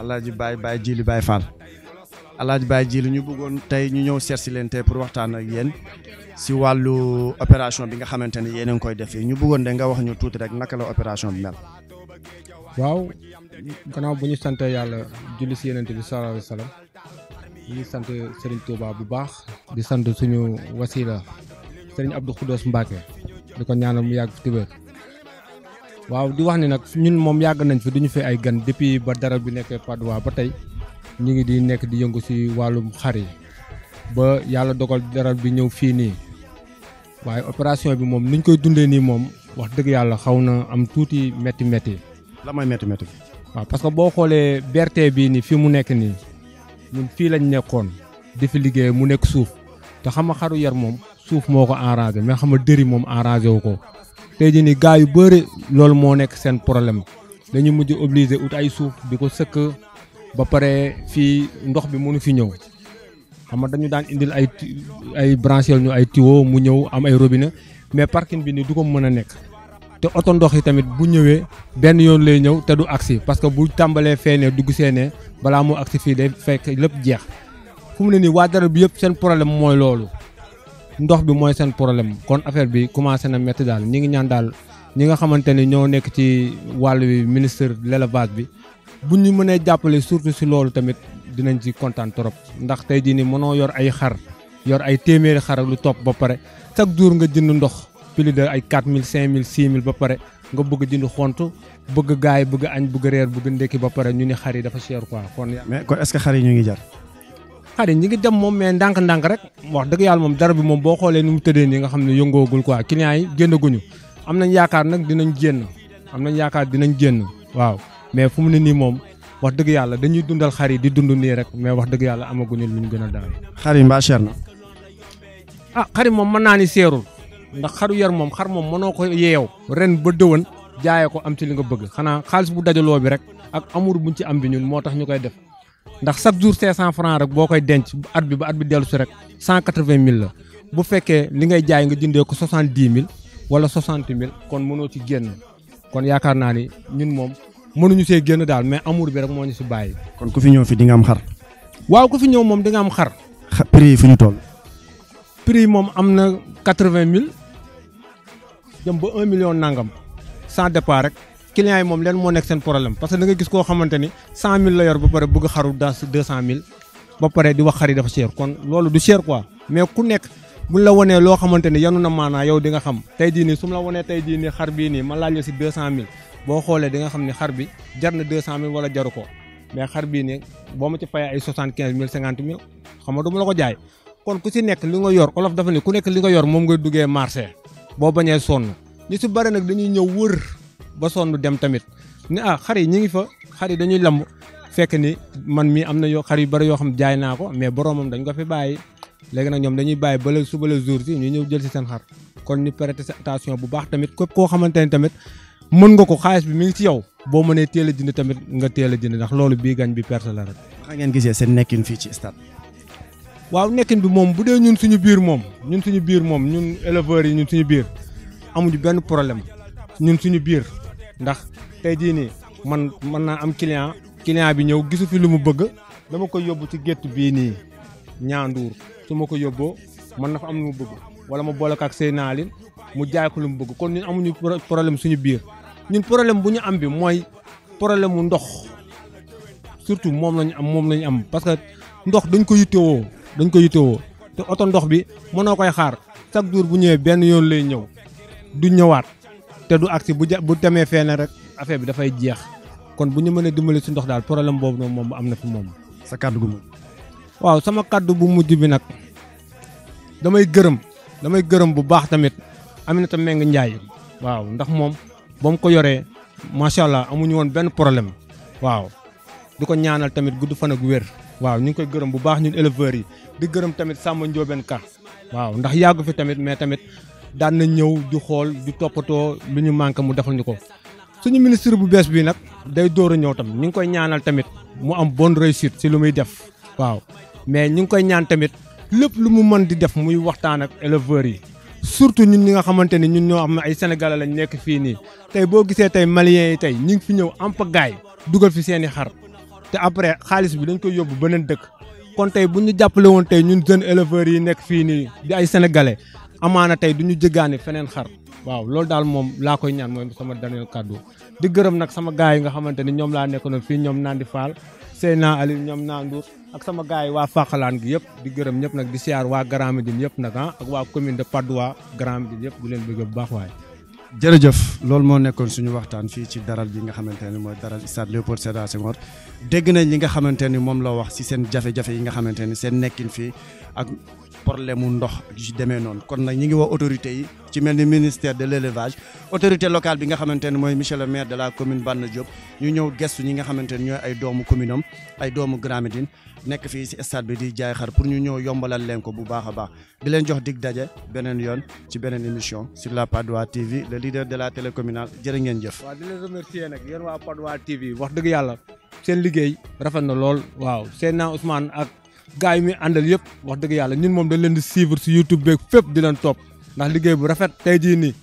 alaaj baay baay jili baay faal alaaji baay jili ñu bëggoon tey ñu ñëw seet si leen tey pour waxtaan ak yéen si wàllu opération bi nga xamante ne yéen a ngi koy def ñu buggoon de nga wax ñu tuuti rek naka la opération bi mel. waaw gannaaw bu ñu santee yàlla julli si yeneen bi sallallahu alayhi wa sallam ñu sant Serigne Touba bu baax di sant suñu wasila Serigne Abdou Khoudoss Mbacke di ko ñaanal mu yàgg fi waaw di wax ni nag ñun moom yàgg nañ fi duñu fi ay gan depuis ba dara bi nekkee Padois ba tey ñu ngi di nekk di yëngu si wàllum xar yi ba yàlla dogal dara bi ñëw fii nii waaye opération bi moom niñ koy dundee nii moom wax dëgg yàlla xaw na am tuuti métti métti. la may parce que boo xoolee berte bii nii fi mu nekk nii ñun fii lañ nekkoon di fi liggéey mu nekk suuf te xam nga xaru yar moom suuf moo ko arrangé mais xam nga dëri moom arrangé wu ko. tey ji ni gars yu bëri loolu moo nekk seen problème dañu mujj obligé ut ay suuf di ko sëkk ba pare fii ndox bi mënu fi ñëw xam dañu daan indil ay ay branchel ñu ay tuyau mu ñëw am ay robine mais parking bi nii du ko mën a nekk te oto ndox yi tamit bu ñëwee benn yoon lay ñëw te du agsi parce que bu tàmbalee feenee dugg seenee balaa mu agsi fii day fekk lépp jeex fu mu ne nii waa dara bi yëpp seen problème mooy loolu ndox bi mooy seen problème kon affaire bi commencé na métti dal. ñi ngi ñaan daal ñi nga xamante ni ñoo nekk ci wàllu wi ministre l'élevage bi bu ñu mënee jàppale surtout si loolu tamit dinañ ci kontaan trop ndax tey ni yor ay xar yor ay téeméeri xar ak lu top ba pare chaque jour nga jënd ndox plus de ay 4000 5000 6000 ba pare nga bëgg jënd xont bëgg gaay bëgg añ bëgg reer bëgg ndekki ba pare ñu ni xar dafa cher quoi kon ya- mais kon est ce que ñu ngi jar xarit ñi ngi dem moom mais ndank ndank rek wax dëgg yàlla moom dara bi moom boo xoolee ni mu tëddee nii nga xam ne yëngoogul quoi client yi génnaguñu am nañ yaakaar nag dinañ génn am nañ yaakaar dinañ génn waaw mais fu mu ne nii moom wax dëgg yàlla dañuy dundal di dund nii rek mais wax dëgg yàlla amaguñu luñ gën a daal. cher na. ah kari mom moom mën naa ni seerul ndax xaru yar moom xar moom mënoo ko yeew ren ba dëwan jaayee ko am ci li nga bëgg xanaa xaalis bu dajaloo bi rek ak amour buñ ci am bi ñun moo tax def ndax chaque jour 500 francs rek boo koy denc at bi ba at bi dellu si rek 180000 la bu fekkee li ngay jaay nga jëndee ko 70000 wala 60000 kon mënoo ci génn kon yaakaar naa ni ñun moom mënuñu see génn daal mais amour bi rek moo ñu si bàyyi. kon ku fi ñëw fi di nga am xar. waaw ku fi ñëw moom di nga am xar. xa yi fu ñu toll. prix yi moom am na 80000 jëm ba 1 million nangam sans départ rek. client yi moom leen moo nekk seen problème parce que da nga gis koo xamante ni 100000 la yor ba pare bëgg xaru daas 200000 ba pare di wax xari dafa cher kon loolu du cher quoi mais ku nekk bu la wanee loo xamante ni yanu na maanaa yow di nga xam tey jii nii su mu la wanee tey jii nii xar bii nii ma laaj la si 200000 boo xoolee di nga xam ni xar bi jar na 200000 wala jaru ko mais xar bii nii boo ma ci fay ay 75000 50000 xam nga du ma la ko jaay kon ku si nekk li nga yor olof dafa ni ku nekk li nga yor moom nga duggee marché boo bañee sonn ñu si bare nag dañuy ñëw wër ba sonn dem tamit ne ah xar yi ñu ngi fa xar yi dañuy lamb fekk ni man mii am na yoo yu bari yoo xam jaay naa ko mais boromam dañ ko fi bàyyi léegi nag ñoom dañuy bàyyi ba la suba la jour si ñu ñëw jël si seen xar kon ñu prêter attention bu baax tamit képp koo xamante ne tamit mën nga ko xaalis bi mi ngi ci yow boo mënee teel a jënd tamit nga teel a jënd ndax loolu bii gañ bi perte la rek. xam ngeen gisee seen nekkin fii ci stade waaw nekkin bi moom bu dee ñun suñu biir moom ñun suñu biir moom ñun éleveurs yi ñun suñu biir amuñu benn problème ñun suñu biir ndax tey jii nii man mën naa am client client bi ñëw gisu fi lu mu bëgg dama koy yóbbu ci gétt bii nii ñaanduur su ma ko yóbboo mën na fa am lu mu bëgg wala ma boole ko ak say naalin mu jaay ko lu mu bëgg kon ñun amuñu problème suñu biir ñun problème bu ñu am bi mooy problème mu ndox surtout moom lañu am moom lañu am parce que ndox dañu ko yittewoo dañu ko yittewoo te oto ndox bi mënoo koy xaar chaque jour bu ñëwee benn yoon lay ñëw du ñëwaat te du agsi bu bu demee fenn rek affaire bi fay jeex kon bu ñu mënee dimbali si ndox dal problème bobu no mom amna fi sa kaddu gu waaw sama kaddu bu mujj bi nak damay gëreum damay gëreum bu baax tamit Aminata Mbengue Ndiaye. waaw ndax mom bam ko yoree macha allah amuñu won ben problème waaw diko ñaanal tamit guddu fan ak wër waaw ñu koy gëreum bu baax ñun éleveur yi di gëreum tamit Samba ben Ka waaw ndax yàggu fi tamit mais tamit daan nañ ñëw di xool di toppatoo lu ñu manqué mu defal ñu ko. suñu ministre bu bees bi nag day dóor a ñëw tam ñu ngi koy ñaanal tamit mu am bonne réussite si lu muy def. waaw mais ñu ngi koy ñaan tamit lépp lu mu mën di def muy waxtaan ak éleveurs yi. surtout ñun ñi nga xamante ni ñun ñoo am ay sénégalais lañ nekk fii nii tey boo gisee tey maliens yi tey ñu ngi fi ñëw en dugal fi seen i xar te après xaalis bi dañ koy yóbbu beneen dëkk kon tey bu ñu jàppale woon tey ñun jeunes éleveurs yi nekk fii nii di ay amaana tay duñu ñu fenen feneen xar waaw lool daal moom laa koy ñaan mooy sama Daniel Kaddu di gërëm nag sama gaay yi nga xamante ni ñoom laa nekkoon fii ñoom naan faal Seyna ali ñoom ak sama gaay yi waa Fakhalaan gi yëpp di gërëm ñëpp nag di siyaar waa Grand Médine yëpp nag ah ak waa commune de Patte Grand Médine yëpp di leen bëgg bu baax waay jërëjëf loolu moo nekkoon suñu waxtaan fii ci daral bi nga xamante ne mooy daral stade Léopold Sédar Senghor dégg nañ li nga xamante ni moom la wax si seen jafe-jafe yi nga xamante ni seen nekkin fii ak problème mu ndox ju demee noonu kon nag ñi ngi woo autorité yi ci mel ni ministère de l' autorité locale bi nga xamante ne mooy monsieur le maire de la commune Banna Diop ñu ñëw gestu ñi nga xamante ne ñooy ay doomu commune ay doomu Grand Médine nekk fii si stade bi di jaay xar pour ñu ñëw yombalal leen ko bu baax a baax di leen jox dig daje beneen yoon ci beneen émission sur la Patte d'Oie TV le leader de la télécommunale jërë ngeen jëf. waaw di leen remercier nag yéen waa Patte d'Oie TV wax dëgg liggéey rafet na lool gars yi muy àndal yëpp wax dëgg yàlla ñun moom dañ leen di suivre si YouTube beeg fépp di leen topp ndax liggéey bu rafet tey jii nii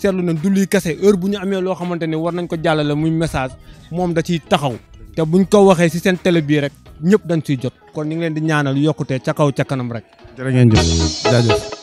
seetlu nañ du luy kese heure bu ñu amee loo xamante ni war nañ ko jàllale muy message moom da ciy taxaw te ñu ko waxee si seen télé bii rek ñëpp dañu ciy jot kon ñu ngi leen di ñaanal yokkute ca kaw ca kanam rek. jërë ngeen jëf jaajëf.